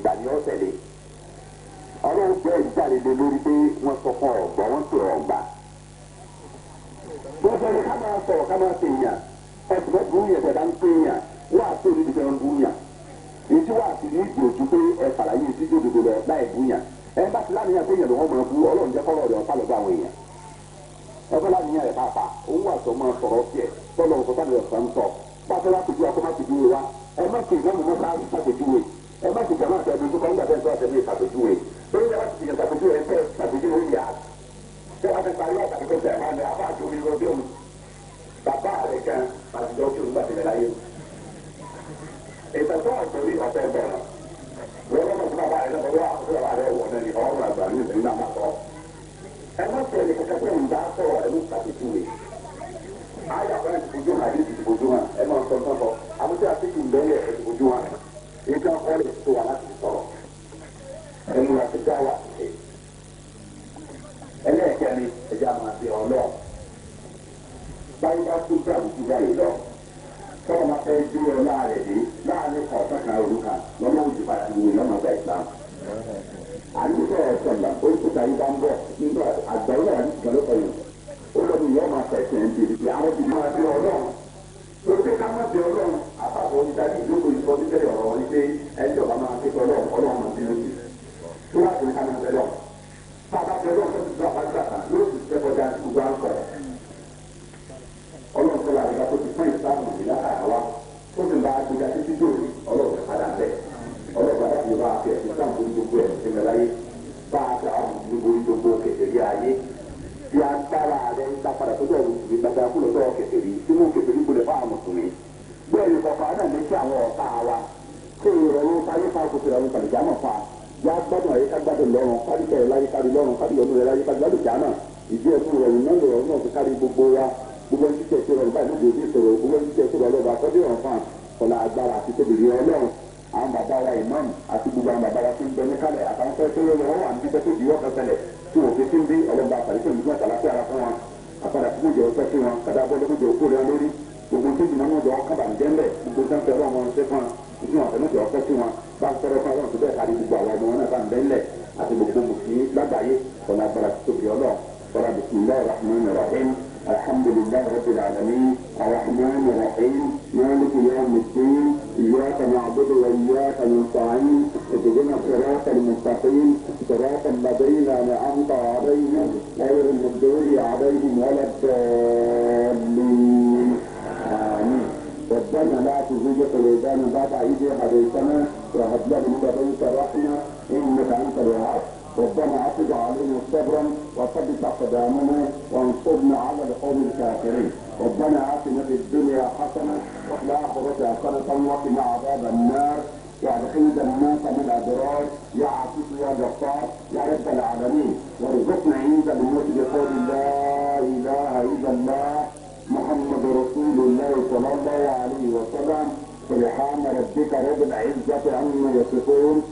ìgbà ni wọ́n tẹ̀lé ọlọ́run jẹ́ ìjáde lé lórí pé wọ́n sọ fún ọ̀gbọ́n wọ́n pè ọ̀gbà gbogbo ẹni ká máa sọ̀rọ̀ ká máa pèèyàn ẹ̀sùn mẹ́tò ń yẹ̀sẹ̀ bá ń pèèyàn wọ́n á tó níbi fẹ́ràn búyàn èyí wọ́n á sì ní ìgbòjú pé ẹ fàlàyé sí ìdòdò lọ láì búyàn ẹ bá ti láníyàn pé ló wọ́n máa bú ọlọ́run jẹ́ kọ́rọ̀ ọ̀dọ̀ ọ̀pá lọ́gbà àwọn èèyàn ẹ náà ṣe ní ìṣàpèjúwe lórí ìjọba ti ṣe ìṣàpèjúwe ẹgbẹ́ ìṣàpèjúwe yà ṣé wàá ti parí ọ̀tà tó fẹ́ máa ní apá àti omi lọ bí òun bàbá rẹ̀ kan àti dọ́kítà òun gbàtẹ̀lẹ̀ láyé ìtọ́jú àgbẹ̀rí ọ̀tẹ̀ bẹ̀rẹ̀ wọ́n lọ́mọ fún bàbá rẹ̀ lọ́wọ́ àkókò bàbá rẹ̀ wọ̀ náà ní ọ̀rọ̀ àgbà ní ìlú náà kọ́ ẹ má tẹ̀ ní kẹ́kẹ́ pé ìgbà sọ̀rọ̀ ẹ̀ ló ṣàpèjúwe ayé àbáyé ti fojú hàn àdé ti fojú hàn ẹ má sọ sọ́kọ àbúté àti ìgbẹ́lẹ̀ ẹ̀ ti fojú hàn ètò àkọọ́lẹ̀ tó wà láti ẹja wà ṣe ẹlẹ́ẹ̀kẹ́ni ẹja máa fi ọlọ́ báyìí bá tún bí àbùkù báyìí lọ tọ́wọ́ máa fẹ́ dé ọ láàrẹ̀ dé láàrin kan sákà orúkà lọ́mọ òjì padà ní ìlú ọmọ ọgbà ìgbà. àyùkọ ẹ̀sọ̀ là ó tún ta ibà ń bọ̀ nígbà àgbáyé àti ìgbàlọ́ ọ̀yọ̀ ó lọ́mọ ìyá ọmọ àfẹ̀sẹ̀ ń bèrè pé àwọn ti máa fi ọlọ́run tó pé ká má gbogbo àwọn sọ̀rọ̀ ọlọ́run tó làwọn ìgbàgbọ́ ti fún ìsáàmù yìí látara wa tó sì bá agbèjà títí dòní ọlọ́run padà bẹ̀ ọlọ́run padà ti bá a fẹ́ ìsáàmù tó gbogbo ẹ̀ ti mẹ́la yé bá a ta àwọn gbogbo gbogbo kẹsìrì ayé bí a gbára rẹ̀ ń ta padà tó dọ̀ mùsùlùmí gbàgbà kúlọ̀ sọ̀rọ̀ kẹsìrì sínú kẹsìrì kulẹ̀ fún àwọn mùsùlùmí bẹ́ẹ̀ ni kọ̀ọ̀kan náà lè ṣe àwọn ọ̀tá wa tó ìrọ̀lú táyé fa kòtò ìrọ̀lú kàlùjámọ̀ fa yá gbádùn àyíká gbádùn lọ́rùn kálíkẹ̀ láyé kárí lọ́rùn kálíkẹ̀ olú rẹ̀ láyé kárí lọ́rùn jámọ̀ ìdí ẹ̀kú rẹ̀ nínú ọ̀rọ̀ náà ti kárí gbogbo wa gbogbo ẹni títẹ̀ tó rọrùn báyìí lóde òde ìṣòro gbogbo ẹni títẹ̀ tó rọrùn lọ́ba àkọ́dé ọ̀rọ̀ ọ̀la agbára àti tóbìrì ọlọ́run àwọn bàbá wa imam àti gbogbo àwọn bàbá wa tó ń bẹ ní kálẹ̀ àtàwọn fẹ́ tó lọ́wọ́ wà níbi tó di ọkọ̀ tẹ̀lẹ̀ tí wọ́n fi tí ń bí ọlọ́ba àtàlẹ́ tó ń gbọ́n àtàlẹ́ ara fún wọn àpàdà fún ìjọ ọ̀fẹ́ wọn kàdá bọ́ lọ́kùnjọ òkú rẹ gbogbo tó ń fẹ́ lọ́wọ́ wọn ṣe fún wọn ìdí wọn fẹ́ lọ́jọ́ ọ̀fẹ́ fún wọn bá ń fẹ́rẹ́ fún wọn tó bẹ́ẹ̀ kárí gbogbo àwọn ọmọ wọn náà bá ń bẹ́ ńlẹ̀ لله رب العالمين الرحمن الرحيم مالك يوم الدين اياك نعبد واياك نستعين اهدنا الصراط المستقيم صراط الذين انعمت عليهم غير المغضوب عليهم ولا الضالين امين ربنا لا تزيد قلوبنا بعد عيد حديثنا وهب لنا من لدنك رحمه انك انت الوهاب ربما أفد علينا صبرا وثبت قدامنا وانصرنا على القوم الكافرين ربنا آتنا في الدنيا حسنة وفي الآخرة حسنة وقنا عذاب النار يا رحيم جنات من الأبرار يا عزيز يا جبار يا رب العالمين وارزقنا عند الموت بقول لا إله إلا الله محمد رسول الله صلى الله عليه وسلم سبحان ربك رب العزة عما يصفون